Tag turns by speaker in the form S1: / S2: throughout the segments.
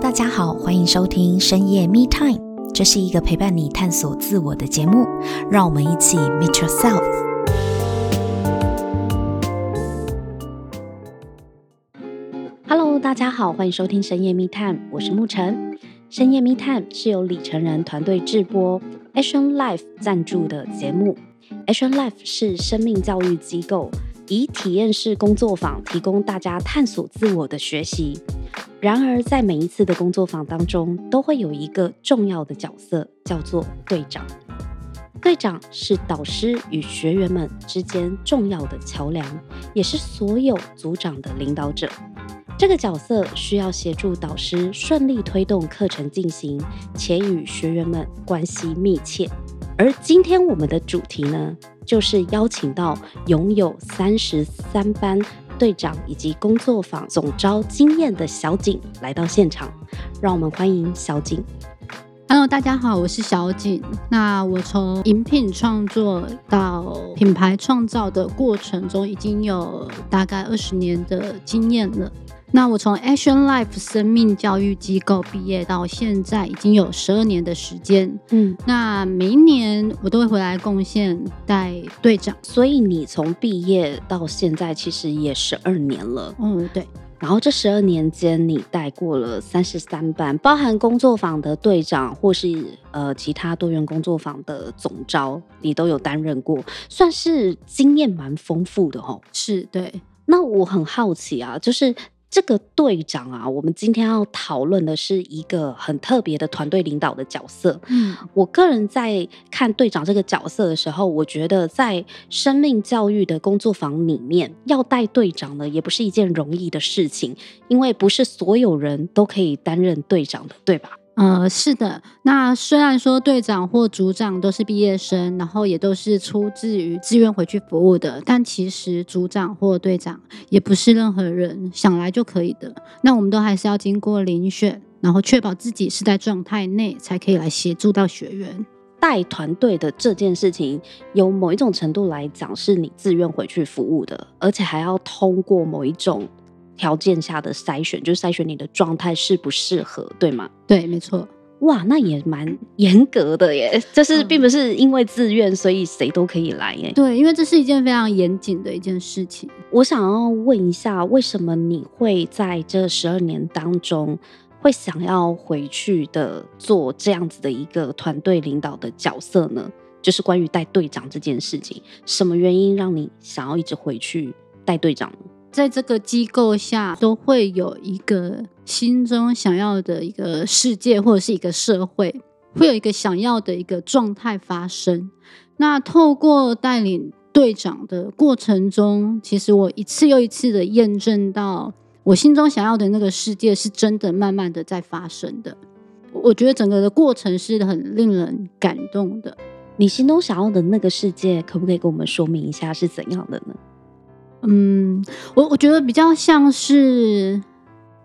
S1: 大家好，歡迎收聽深夜 Me Time，這是一個陪伴你探索自我的節目，讓我們一起 Meet Yourself。Hello，大家好，歡迎收聽深夜 Me Time，我是沐辰。深夜 Me Time 是由里程碑團隊制播，Action Life 贊助的節目。Action Life 是生命教育機構，以體驗式工作坊提供大家探索自我的學習。然而，在每一次的工作坊當中，都會有一個重要的角色，叫做隊長。隊長是導師與學員們之間重要的橋梁，也是所有組長的領導者。這個角色需要協助導師順利推動課程進行，且與學員們關係密切。而今天我們的主題呢，就是邀請到擁有三十三班隊長以及工作坊總召經驗的小井來到現場，讓我們歡迎小井。
S2: Hello，大家好，我是小井。那我從飲品創作到品牌創造的過程中，已經有大概二十年的經驗了。那我從 ActionLife 生命教育機構畢業到現在已經有十二年的時間，嗯，那每一年我都會回來貢獻帶隊長，所以你從畢業到現在其實也十二年了，嗯，對。
S1: 然後這十二年間，你帶過了三十三班，包含工作坊的隊長或是呃其他多元工作坊的總召，你都有擔任過，算是經驗蠻豐富的哦。是，對。那我很好奇啊，就是。這個隊長啊，我們今天要討論的是一個很特別的團隊領導的角色。嗯，我個人在看隊長這個角色的時候，我覺得在生命教育的工作坊裡面要帶隊長呢，也不是一件容易的事情，因為不是所有人都可以擔任隊長的，對吧？
S2: 呃，是的，那雖然說隊長或組長都是畢業生，然後也都是出自於自願回去服務的，但其實組長或隊長也不是任何人想來就可以的。那我們都還是要經過遴選，然後確保自己是在狀態內，才可以來協助到學員。
S1: 帶團隊的這件事情，由某一種程度來講，是你自願回去服務的，而且還要通過某一種。條件下的篩選，就是篩選你的狀態適不適合，對嗎？對，沒錯。哇，那也蠻嚴格的耶。這、就是並不是因為自願，嗯，所以誰都可以來耶。
S2: 對，因為這是一件非常嚴謹的一件事情。我想要問一下，為什麼
S1: 你會在這十二年當中會想要回去的做這樣子的一個團隊領導的角色呢？就是關於帶隊長這件事情，什麼原因讓你想要一直回去帶隊長？
S2: 在這個機構下，都會有一個心中想要的一個世界，或者是一個社會，會有一個想要的一個狀態發生。那透過帶領隊長的過程中，其實我一次又一次的驗證到，我心中想要的那個世界是真的，慢慢的在發生的。我覺得整個的過程是很令人感動的。你心中想要的那個世界，可
S1: 不可以跟我們說明一下是怎樣的呢？
S2: 嗯，我我覺得比較像是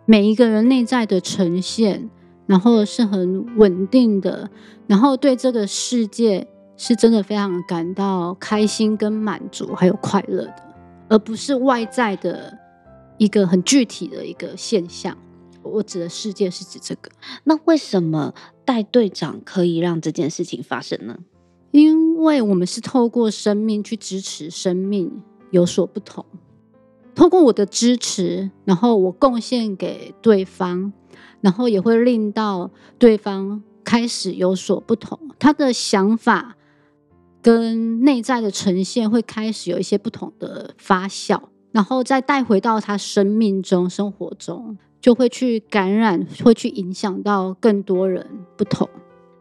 S2: 每一個人內在的呈現，然後是很穩定的，然後對這個世界是真的非常感到開心跟滿足，還有快樂的，而不是外在的一個很具體的一個現象。我指的世界是指這個。那為什麼帶隊長可以讓這件事情發生呢？因為我們是透過生命去支持生命。有所不同。通過我的支持，然後我貢獻給對方，然後也會令到對方開始有所不同。他的想法跟內在的呈現會開始有一些不同的發酵，然後再帶回到他生命中、生活中，就會去感染，會去影響到更多人不同。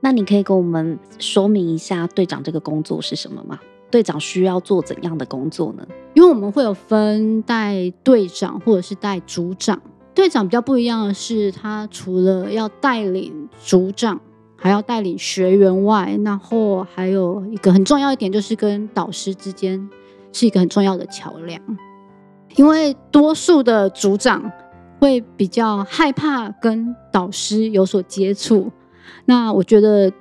S2: 那你可以跟我們說明一下隊長這個工作是什麼嗎？隊長
S1: 需要做怎樣的工作呢？
S2: 因為我們會有分帶隊長或者是帶組長。隊長比較不一樣的是，他除了要帶領組長，還要帶領學員外，然後還有一個很重要一點，就是跟導師之間是一個很重要的橋梁。因為多數的組長會比較害怕跟導師有所接觸，那我覺得。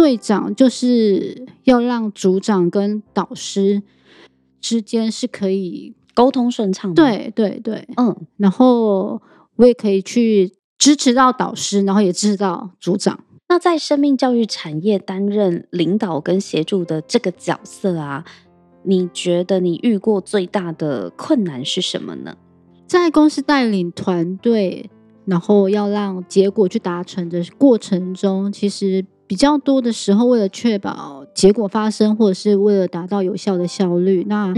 S2: 隊長就是要讓組長跟導師之間是可以溝通順暢的，對對對，嗯，然後我也可以去支持到導師，然後也支持到組長。那
S1: 在生命教育產業擔任領導跟協助的這個角色啊，
S2: 你覺得你遇過最大的困難是什麼呢？在公司帶領團隊，然後要讓結果去達成的過程中，其實。比較多的時候，為了確保結果發生，或者是為了達到有效的效率，那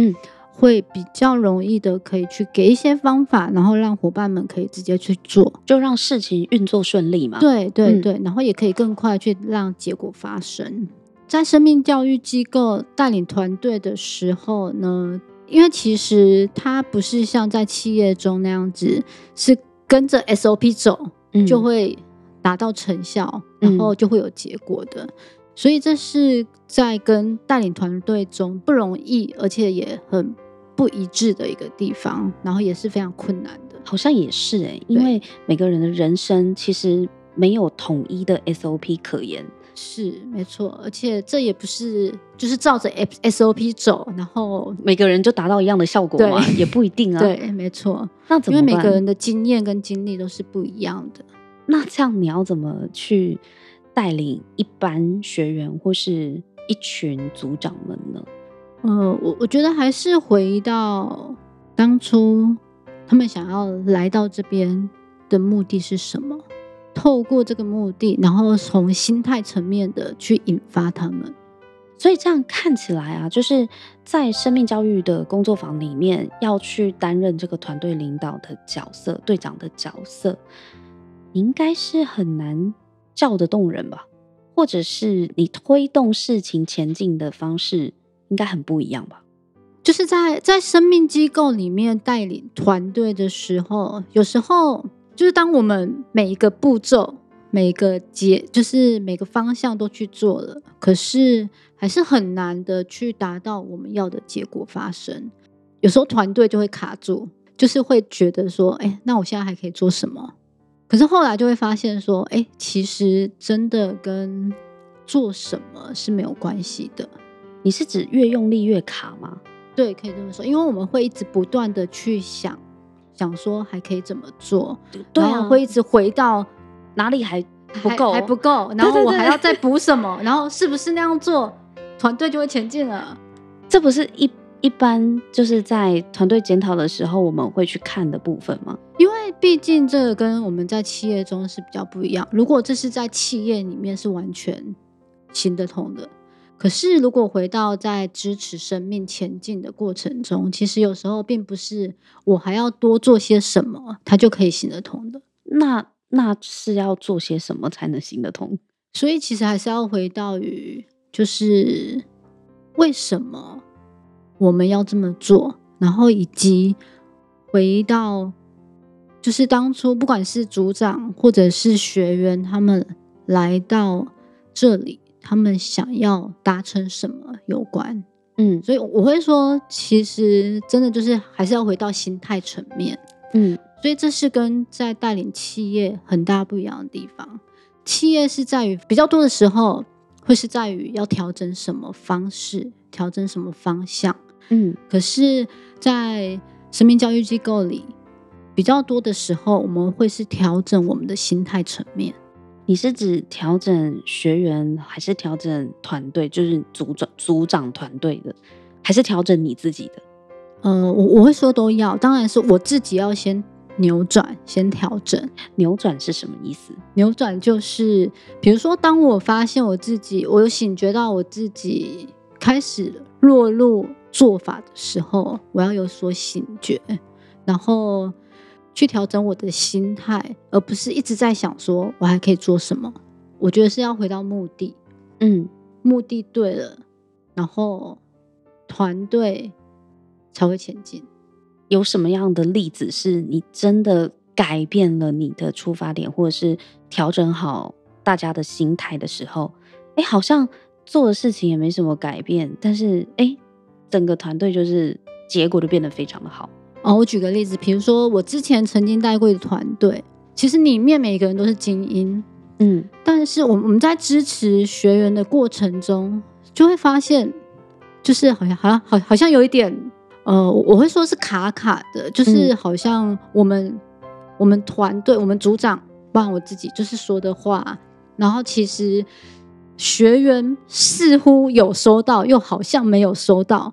S2: 會比較容易的可以去給一些方法，然後讓夥伴們可以直接去做，就讓事情運作順利嘛。對對對、嗯，然後也可以更快去讓結果發生。在生命教育機構帶領團隊的時候呢，因為其實它不是像在企業中那樣子，是跟着 SOP 走，嗯、就會達到成效。然後就會有結果的、嗯，所以這是在跟帶領團隊中不容易，而且也很不一致的一個地方，然後也是非常困難的。好
S1: 像也是哎、欸，因為每個人的人生其實沒有統一的 SOP 可言。
S2: 是，沒錯。而且這也不是就是照着 SOP 走，然後
S1: 每個人就達到一樣的效果嘛，也不一定啊。 對，沒錯。那怎麼辦？因為每個人
S2: 的經驗跟經歷都是不一樣的。
S1: 那這樣你要怎麼去帶領一班學員或是一群組長們呢？呃，
S2: 我我覺得還是回到當初他們想要來到這邊的目的是什麼？透過這個目的，然後從心態層面的去引發他們。所以這樣看起來啊，就是
S1: 在生命教育的工作坊裡面要去擔任這個團隊領導的角色，隊長的角色。你應該是很難叫得動人吧，或者是你推動事情前進的方式應該很不一樣
S2: 吧？就是在在生命機構裡面帶領團隊的時候，有時候就是當我們每一個步驟、每一個節、就是每個方向都去做了，可是還是很難的去達到我們要的結果發生。有時候團隊就會卡住，就是會覺得說：“哎、欸，那我現在還可以做什麼？”可是後來就會發現說，哎，其實真的跟做什麼是沒有關係的。你是指越用力越卡嗎？對，可以這麼說，因為我們會一直不斷的去想，想說還可以怎麼做，對啊，會一直回到哪裡還不夠還，還不夠，然後我還要再補什麼，對對對，然後是不是那樣做，團隊就會前進了？這不
S1: 是一。一般就是在團隊檢討的時候，我們會去看的部分嘛，
S2: 因為畢竟這個跟我們在企業中是比較不一樣。如果這是在企業裡面是完全行得通的，可是如果回到在支持生命前進的過程中，其實有時候並不是我還要多做些什麼，他就可以行得通的。那那是要做些什麼才能行得通？所以其實還是要回到於，就是為什麼？我們要這麼做，然後以及回到，就是當初不管是組長或者是學員，他們來到這裡，他們想要達成什麼有關。嗯，所以我會說，其實真的就是還是要回到心態層面。嗯，所以這是跟在帶領企業很大不一樣的地方。企業是在於比較多的時候，會是在於要調整什麼方式，調整什麼方向。嗯，可是，在生命教育機構裡，比較多的時候，我們會是調整我們的心態層面。你是指調整
S1: 學員，還是調整團隊？就是組長組長團隊的，還是
S2: 調整你自己的？呃，我我會說都要。當然是我自己要先扭轉，先調整。扭轉是什麼意思？扭轉就是，比如說，當我發現我自己，我有醒覺到我自己開始落入。做法的時候，我要有所醒覺，然後去調整我的心態，而不是一直在想說我還可以做什麼。我覺得是要回到目的，嗯，目的對了，然後團隊才會前進。
S1: 有什麼樣的例子是你真的改變了你的出發點，或者是調整好大家的心態的時候？哎、欸，好像做的事情也沒什麼改變，但是哎。欸整個團隊就是結果都變得非常的好
S2: 哦。我舉個例子，比如說我之前曾經帶過的團隊，其實裡面每一個人都是精英，嗯，但是我們我們在支持學員的過程中，就會發現，就是好像好像好好，好像有一點，呃，我會說是卡卡的，就是好像我們、嗯、我們團隊我們組長幫我自己就是說的話，然後其實。學員似乎有收到，又好像沒有收到。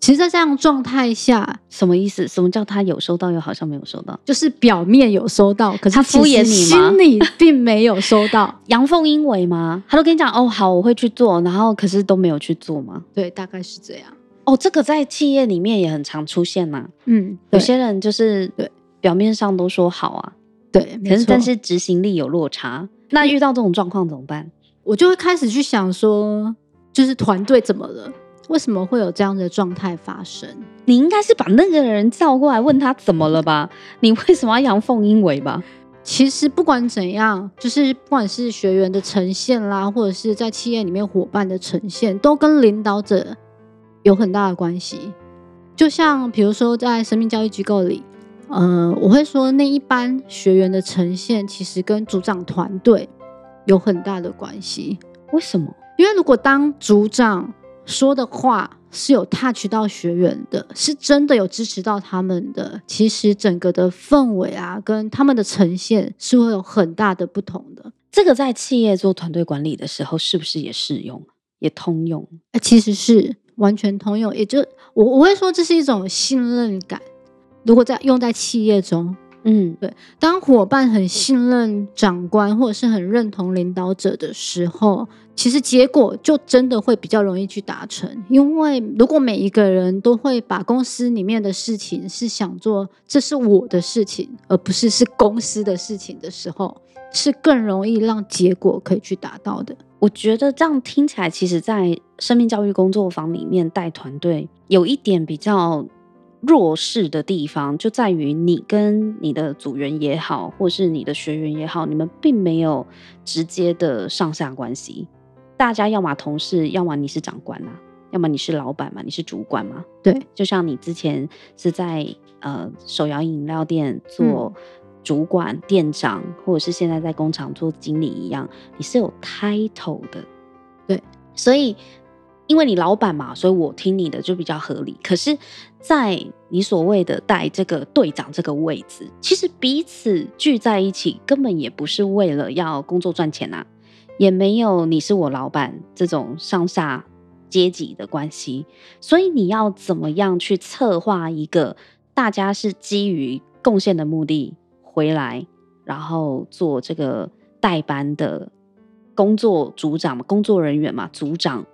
S2: 其實，在這樣狀態下，什麼意思？什麼叫他有收到，又好像沒有收到？就是
S1: 表面有收到，可是他敷衍你嗎？心裡並沒有收到，陽奉陰違嗎？他都跟你講哦，好，我會去做，然後可是都沒有去做嗎？對，大概是這樣。哦，這個在企業裡面也很常出現呐，啊。嗯，有些人就是對表面上都說好啊，對，對可是沒但是執行力有落差。
S2: 那遇到這種狀況怎麼辦？嗯我就會開始去想說，就是團隊怎麼了？為什麼會有這樣的狀態發生？你應該是把那個人叫過來問他怎麼了吧？嗯、你為什麼要陽奉陰違吧？其實不管怎樣，就是不管是學員的呈現啦，或者是在企業裡面夥伴的呈現，都跟領導者有很大的關係。就像比如說在生命教育機構裡，嗯、呃，我會說那一班學員的呈現，其實跟組長團隊。有很大的關係，為什麼？因為如果當組長說的話是有 touch 到學員的，是真的有支持到他們的，其實整個的氛圍啊，跟他們的呈現是會有很大的不同的。這個在企業做團隊管理的時候，是不是也適用，也通用？其實是完全通用。也就我我會說，這是一種信任感。如果在用在企業中。嗯，對，當夥伴很信任長官，或者是很認同領導者的時候，其實結果就真的會比較容易去達成。因為如果每一個人都會把公司裡面的事情是想做，這是我的事情，而不是是公司的事情的時候，是更容易讓結果可以去達到
S1: 的。我覺得這樣聽起來，其實在生命教育工作坊裡面帶團隊，有一點比較，弱勢的地方就在於，你跟你的組員也好，或是你的學員也好，你們並沒有直接的上下關係。大家要麼同事，要麼你是長官吶、啊，要麼你是老板嘛，你是主管嘛。對，就像你之前是在呃手搖飲料店做主管、嗯、店長，或者是現在在工廠做經理一樣，你是有 title 的。對，所以。因為你老板嘛，所以我聽你的就比較合理。可是，在你所謂的帶這個隊長這個位置，其實彼此聚在一起，根本也不是為了要工作賺錢啊。也沒有你是我老板這種上下階級的關係。所以，你要怎麼樣去策劃一個大家是基於貢獻的目的回來，然後做這個代班的工作組長、工作人員嘛，組長。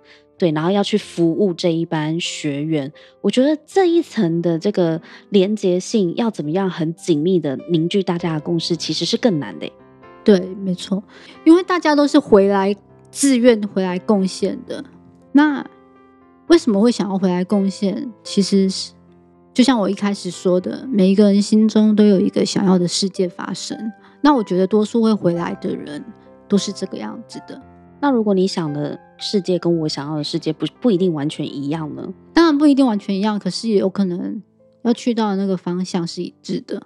S1: 對，然後要去服務這一班學員，我覺得這一層的這個連接性要怎麼樣，很緊密的凝聚大家的共識，其實是更難的。
S2: 對，沒錯，因為大家都是回來自願回來貢獻的。那為什麼會想要回來貢獻？其實是就像我一開始說的，每一個人心中都有一個想要的世界發生。那我覺得多數會回來的人都是這個樣子的。
S1: 那如果你想的世界跟我想要的世界不不一定完全一樣呢？當
S2: 然不一定完全一樣，可是也有可能要去到那個方向是一致的，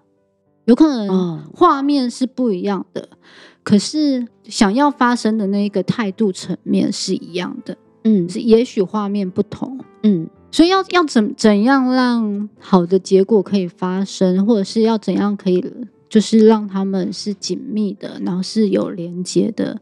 S2: 有可能畫面是不一樣的，哦，可是想要發生的那一個態度層面是一樣的。嗯，是也許畫面不同，嗯，所以要要怎怎樣讓好的結果可以發生，或者是要怎樣可以就是讓他們是緊密的，然後是有連接的。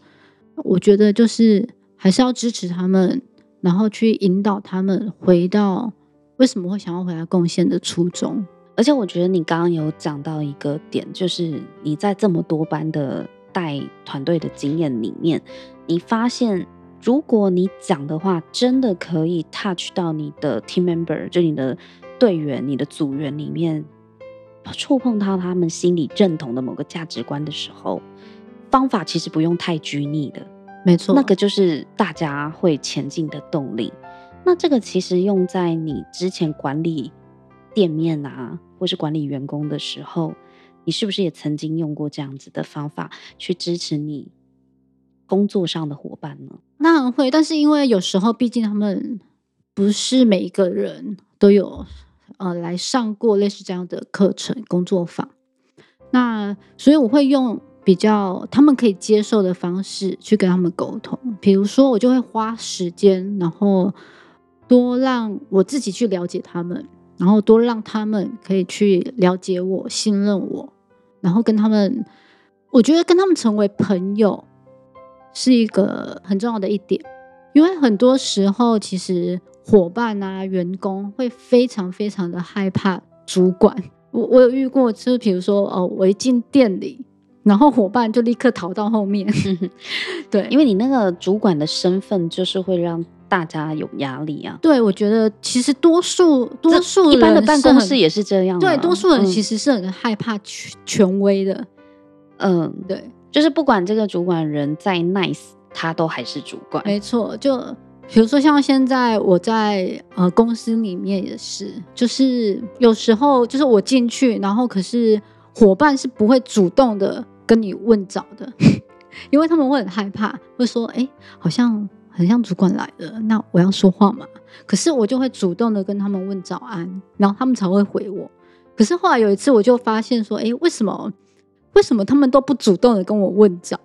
S2: 我覺得就是還是要支持他們，然後去引導他們回到為什麼會想要回來貢獻的初衷。
S1: 而且我覺得你剛剛有講到一個點，就是你在這麼多班的帶團隊的經驗裡面，你發現如果你講的話，真的可以 touch 到你的 team member，就你的隊員、你的組員裡面，觸碰到他們心裡認同的某個價值觀的時候。方法其實不用太拘泥的，沒錯，那個就是大家會前進的動力。那這個其實用在你之前管理店面啊，或是管理員工的時候，你是不是也曾經用過這樣子的方法去支持你工作上的夥伴呢？
S2: 那很會，但是因為有時候畢竟他們不是每一個人都有呃來上過類似這樣的課程工作坊，那所以我會用。比較他們可以接受的方式去跟他們溝通，比如說我就會花時間，然後多讓我自己去了解他們，然後多讓他們可以去了解我、信任我，然後跟他們，我覺得跟他們成為朋友是一個很重要的一點，因為很多時候其實夥伴啊、員工會非常非常的害怕主管。我我有遇過，就是比如說哦，我一進店裡。然後夥伴就立刻逃到後面， 對，因為你那個主
S1: 管的身份就是會讓大家有壓力啊。
S2: 對，我覺得其實多數多數人一般的辦公室也是這樣啊。對，多數人其實是很害怕權權
S1: 威的嗯。嗯，對，就是不管這個主管人再 nice，他都還是
S2: 主管。沒錯，就比如說像現在我在呃公司裡面也是，就是有時候就是我進去，然後可是夥伴是不會主動的。跟你問早的，因為他們會很害怕，會說：“哎，好像很像主管來了，那我要說話嘛。”可是我就會主動的跟他們問早安，然後他們才會回我。可是後來有一次，我就發現說：“哎，為什麼？為什麼他們都不主動的跟我問早？”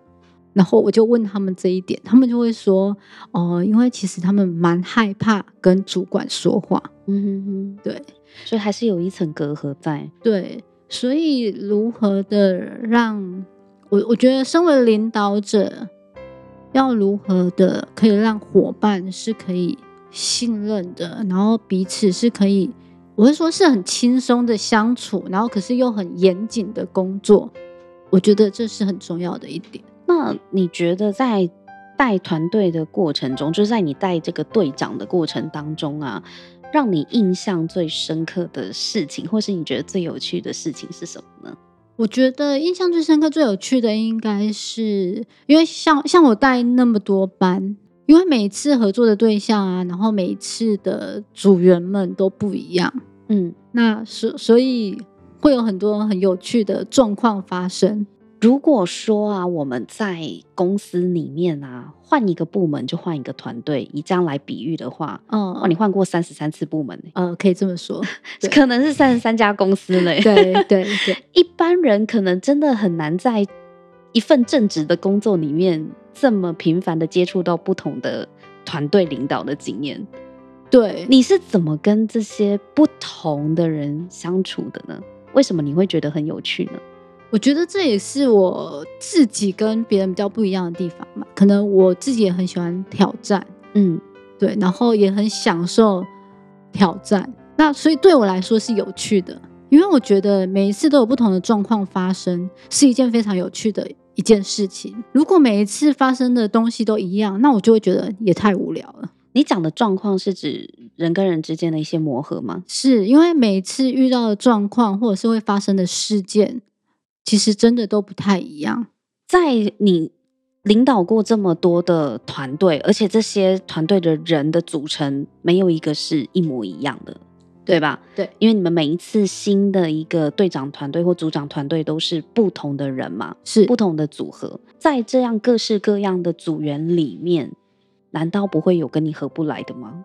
S2: 然後我就問他們這一點，他們就會說：“哦、呃，因為其實他們蠻害怕跟主管說話。”嗯嗯，對，
S1: 所以還是有一層隔閡在。
S2: 對。所以，如何的讓我？我覺得，身為領導者，要如何的可以讓夥伴是可以信任的，然後彼此是可以，我會說是很輕鬆的相處，然後可是又很嚴謹的工作，我覺得這是很重要的一點。那你覺得在帶團
S1: 隊的過程中，就是在你帶這個隊長的過程當中啊，讓你印象最深刻的事情，或是你覺得最有趣的事情是什麼呢？
S2: 我覺得印象最深刻、最有趣的應該，應該是因為像像我帶那麼多班，因為每次合作的對象啊，然後每次的組員們都不一樣，嗯，那所所以會有很多很有趣的狀況發生。如果說啊，我們在公司裡面啊，換一個
S1: 部門就換一個團隊，以這樣來比喻的話，嗯，哦，你換過三十三次部門呢，呃，可以這麼說，可能是三十三家公司嘞。 對對對，一般人可能真的很難在一份正職的工作裡面這麼頻繁的接觸到不同的團隊領導的經驗。對，你是怎麼跟這些不同的人相處的呢？為什麼你會覺得很有趣呢？
S2: 我覺得這也是我自己跟別人比較不一樣的地方嘛。可能我自己也很喜歡挑戰，嗯，對，然後也很享受挑戰。那所以對我來說是有趣的，因為我覺得每一次都有不同的狀況發生，是一件非常有趣的一件事情。如果每一次發生的東西都一樣，那我就會覺得也太無聊了。
S1: 你講的狀況是指人跟人之間的一些磨合嗎？
S2: 是，因為每一次遇到的狀況或者是會發生的事件。其實真的都不太一樣，在你
S1: 領導過這麼多的團隊，而且這些團隊的人的組成沒有一個是一模一樣的，對吧？對，因為你們每一次新的一個隊長團隊或組長團隊都是不同的人嘛，是不同的組合。在這樣各式各樣的組員裡面，難道不會有跟你合不來的嗎？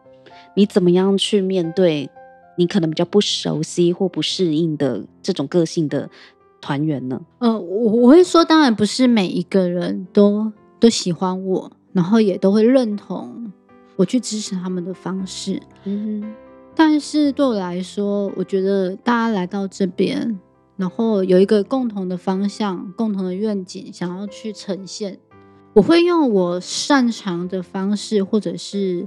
S1: 你怎麼樣去面對你可能比較不熟悉或不適應的這種個性的團員呢？
S2: 呃，我我會說，當然不是每一個人都都喜歡我，然後也都會認同我去支持他們的方式。嗯哼。但是對我來說，我覺得大家來到這邊，然後有一個共同的方向、共同的願景，想要去呈現，我會用我擅長的方式，或者是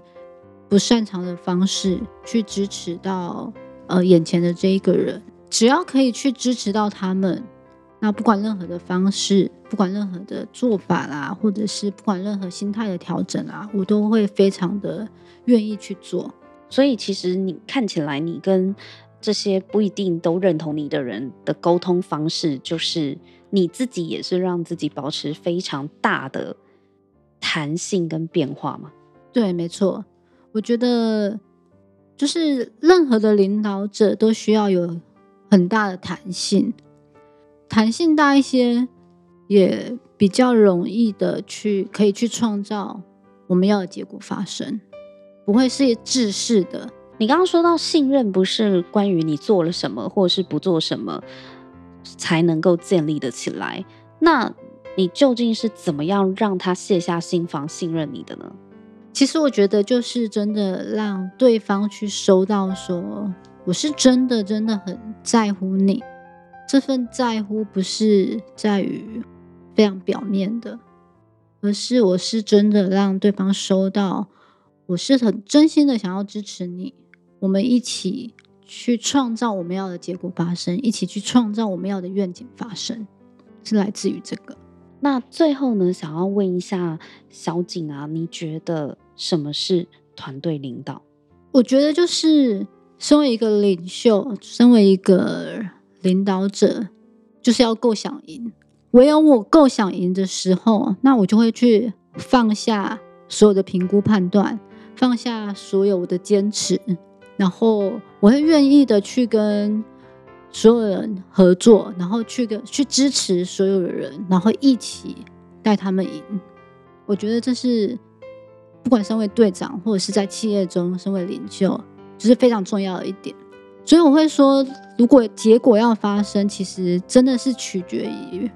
S2: 不擅長的方式，去支持到呃眼前的這一個人。只要可以去支持到他們，那不管任何的方式，不管任何的做法啦，啊，或者是不管任何心態的調整啊，我都會非常的願意去做。所以，其實你看起來，你
S1: 跟這些不一定都認同你的人的溝通方式，就是你自己也是讓自己保持非常大的彈性跟變化嘛？
S2: 對，沒錯。我覺得，就是任何的領導者都需要有。很大的彈性，彈性大一些，也比較容易的去可以去創造我們要的結果發生，不會是制式的你剛剛說到信任
S1: 不是關於你做了什麼或是不做什麼才能夠建立得起來，那你究竟是怎麼樣讓他卸下心防，信任你的
S2: 呢？其實我覺得就是真的讓對方去收到說。我是真的真的很在乎你，這份在乎不是在於非常表面的，而是我是真的讓對方收到，我是很真心的想要支持你，我們一起去創造我們要的結果發生，一起去創造我們要的願景發生，是來自於這個。那最後呢，想要問一下小井啊，你
S1: 覺得什麼是團隊領導？
S2: 我覺得就是。身為一個領袖，身為一個領導者，就是要夠想贏。唯有我夠想贏的時候，那我就會去放下所有的評估判斷，放下所有的堅持，然後我會願意的去跟所有人合作，然後去跟去支持所有的人，然後一起帶他們贏。我覺得這是不管身為隊長，或者是在企業中，身為領袖。就是非常重要的一點，所以我會說，如果結果要發生，其實真的是取決於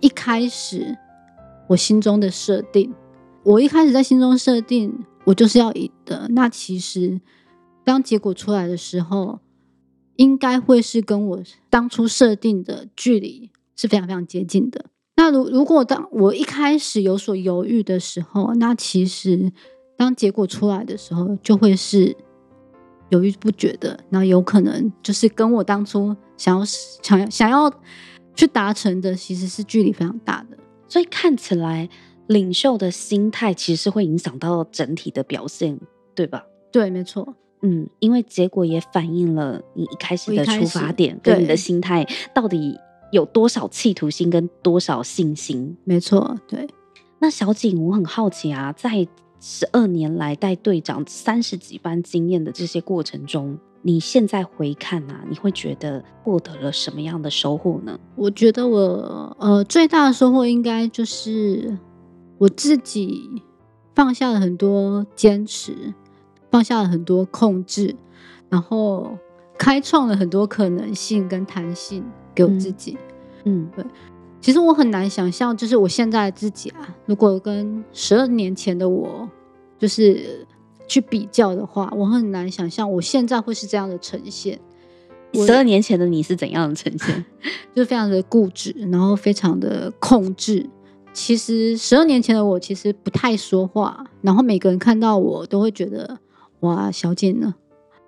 S2: 一開始我心中的設定。我一開始在心中設定我就是要贏的，那其實當結果出來的時候，應該會是跟我當初設定的距離是非常非常接近的。那如如果當我一開始有所猶豫的時候，那其實當結果出來的時候就會是。猶豫不決的，那有可能就是跟我當初想要、想要、想要去達成的，其實是距離非常大的。所以看起來，領袖的心態其實是會影
S1: 響到整體的表現，對吧？
S2: 對，沒錯。
S1: 嗯，因為結果也反映了你一開始的出發點跟你的心態到底有多少企圖心跟多少信心。
S2: 沒錯，對。
S1: 那小井，我很好奇啊，在。十二年來帶隊長三十幾班經驗的這些過程中，你現在回看啊，你會覺得獲得了什麼樣的收穫呢？
S2: 我覺得我呃最大的收穫應該就是我自己放下了很多堅持，放下了很多控制，然後開創了很多可能性跟彈性給我自己。嗯，對。其實我很難想象，就是我現在自己啊，如果跟十二年前的我，就是去比較的話，我很難想象我現在會是這樣的呈現。
S1: 十二年前的你是怎樣的呈現？
S2: 就非常的固執，然後非常的控制。其實十二年前的我其實不太說話，然後每個人看到我都會覺得哇，小井呢，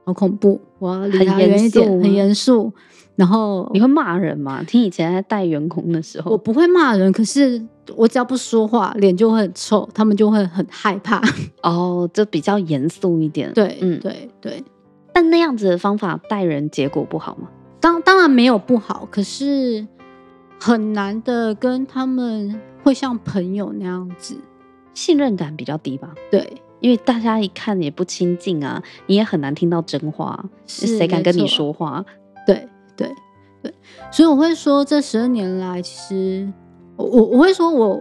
S2: 好恐怖，哇，我要離他遠一點、啊、很嚴肅。然後你會罵人嗎？聽以前在帶員工的時候，我不會罵人，可是我只要不說話，臉就會很臭，他們就會很害怕。
S1: 哦，就比較嚴肅一點。對，嗯，
S2: 對，對。但那樣子的方法
S1: 帶人，結果不好嗎？
S2: 當然當然沒有不好，可是很難的，跟他們會像朋友那樣子，信任感比較低吧？
S1: 對，因為大家一看也不親近啊，你也很難聽到真話，是誰敢跟你說話？
S2: 對對，所以我會說，這十二年來，其實我我，我會說我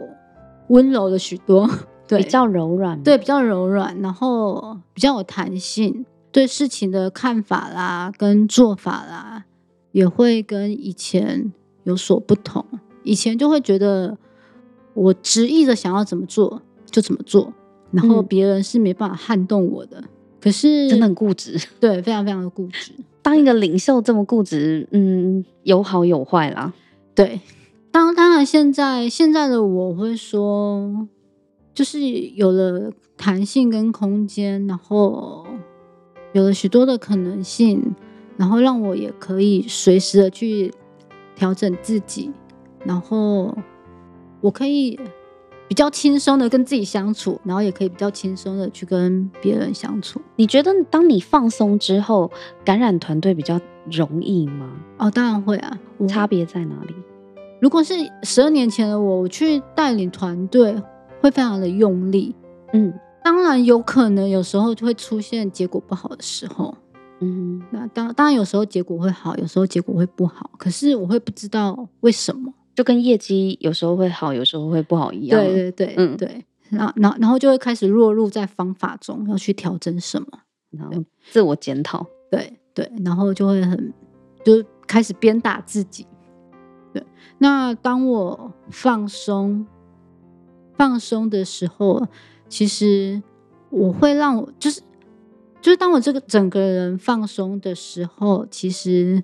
S2: 溫柔了許多，對，比較柔軟，對，比較柔軟，然後比較有彈性。對事情的看法啦，跟做法啦，也會跟以前有所不同。以前就會覺得我執意的想要怎麼做就怎麼做，然後別人是沒辦法撼動我的。嗯，可是真的很固執，對，非常非常的固執。
S1: 當一個領袖這麼固執，嗯，有好有壞啦。
S2: 對，當當然，現在現在的我會說，就是有了彈性跟空間，然後有了許多的可能性，然後讓我也可以隨時的去調整自己，然後我可以。比較輕鬆的跟自己相處，然後也可以比較輕鬆的去跟別人相處。你覺得當你放鬆之後，感染團隊比較容易嗎？哦，當然會啊。差別在哪裡？嗯，如果是十二年前的我，我去帶領團隊會非常的用力。嗯，當然有可能有時候會出現結果不好的時候。嗯，那當當然有時候結果會好，有時候結果會不好，可是我會不知道為什麼。就跟業績有時候會好，有時候會不好一樣啊。對對對，嗯對。然後然後就會開始落入在方法中，要去調整什麼，然後自我檢討。對對，然後就會很就開始鞭打自己。對，那當我放鬆放鬆的時候，其實我會讓我就是就是當我這個整個人放鬆的時候，其實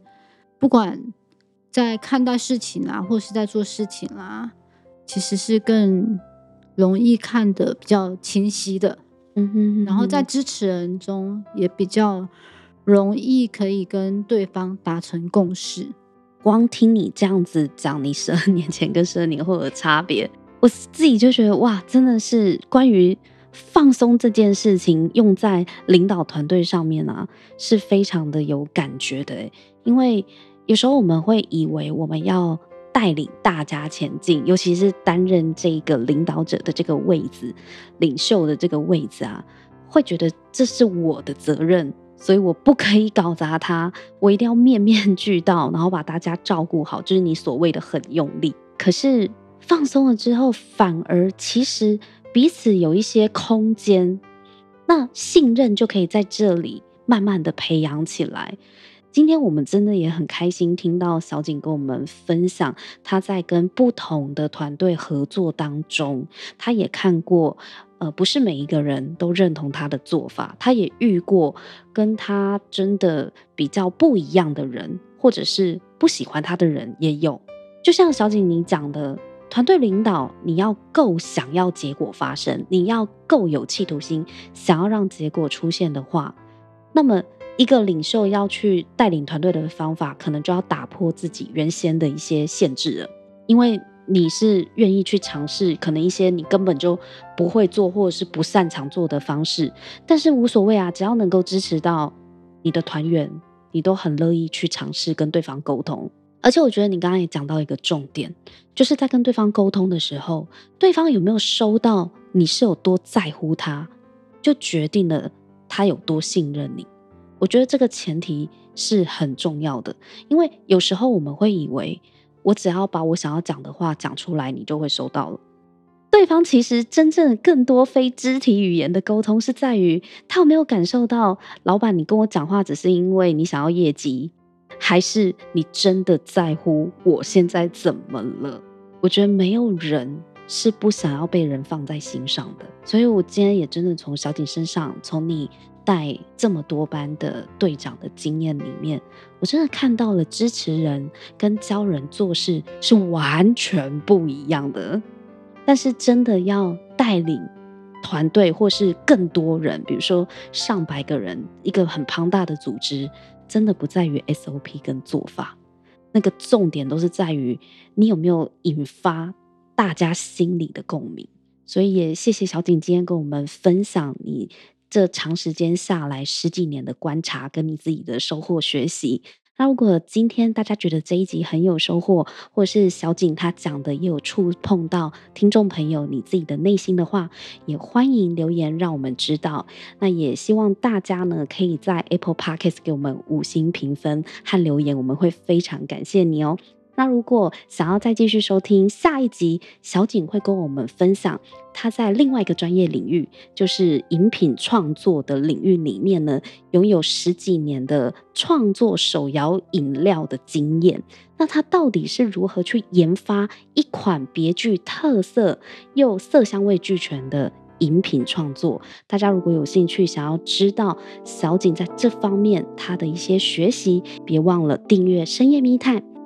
S2: 不管。在看待事情啊，或者是在做事情啊，其實是更容易看得比較清晰的，嗯哼、嗯嗯，然後在支持人中、嗯、也比較容易可以跟對方達成共識。光聽你這樣子講，你十二年前
S1: 跟十二年後的差別，我自己就覺得哇，真的是關於放鬆這件事情，用在領導團隊上面啊，是非常的有感覺的、欸，因為。有時候我們會以為我們要帶領大家前進，尤其是擔任這個領導者的這個位置，領袖的這個位置啊，會覺得這是我的責任，所以我不可以搞砸他，我一定要面面俱到，然後把大家照顧好，就是你所謂的很用力。可是放鬆了之後，反而其實彼此有一些空間，那信任就可以在這裡慢慢的培養起來。今天我們真的也很開心，聽到小井跟我們分享，他在跟不同的團隊合作當中，他也看過，呃，不是每一個人都認同他的做法，他也遇過跟他真的比較不一樣的人，或者是不喜歡他的人也有。就像小井你講的，團隊領導你要夠想要結果發生，你要夠有企圖心，想要讓結果出現的話，那麼。一個領袖要去帶領團隊的方法，可能就要打破自己原先的一些限制了，因為你是願意去嘗試，可能一些你根本就不會做，或者是不擅長做的方式，但是無所謂啊，只要能夠支持到你的團員，你都很樂意去嘗試跟對方溝通。而且我覺得你剛剛也講到一個重點，就是在跟對方溝通的時候，對方有沒有收到你是有多在乎他，就決定了他有多信任你。我覺得這個前提是很重要的，因為有時候我們會以為我只要把我想要講的話講出來，你就會收到了。對方其實真正更多非肢體語言的溝通，是在於他有沒有感受到，老板你跟我講話，只是因為你想要業績，還是你真的在乎我現在怎麼了？我覺得沒有人是不想要被人放在心上的，所以我今天也真的從小井身上，從你。帶這麼多班的隊長的經驗裡面，我真的看到了支持人跟教人做事是完全不一樣的。但是真的要帶領團隊或是更多人，比如說上百個人，一個很龐大的組織，真的不在於 SOP 跟做法，那個重點都是在於你有沒有引發大家心裡的共鳴。所以也謝謝小井今天跟我們分享你這長時間下來，十幾年的觀察跟你自己的收穫學習。那如果今天大家覺得這一集很有收穫，或是小井他講的也有觸碰到聽眾朋友你自己的內心的話，也歡迎留言讓我們知道。那也希望大家呢可以在 Apple Podcast 給我們五星評分和留言，我們會非常感謝你哦。那如果想要再繼續收聽下一集，小井會跟我們分享他在另外一個專業領域，就是飲品創作的領域裡面呢，擁有十幾年的創作手搖飲料的經驗。那他到底是如何去研發一款別具特色又色香味俱全的飲品創作？大家如果有興趣想要知道小井在這方面他的一些學習，別忘了訂閱《深夜密探》。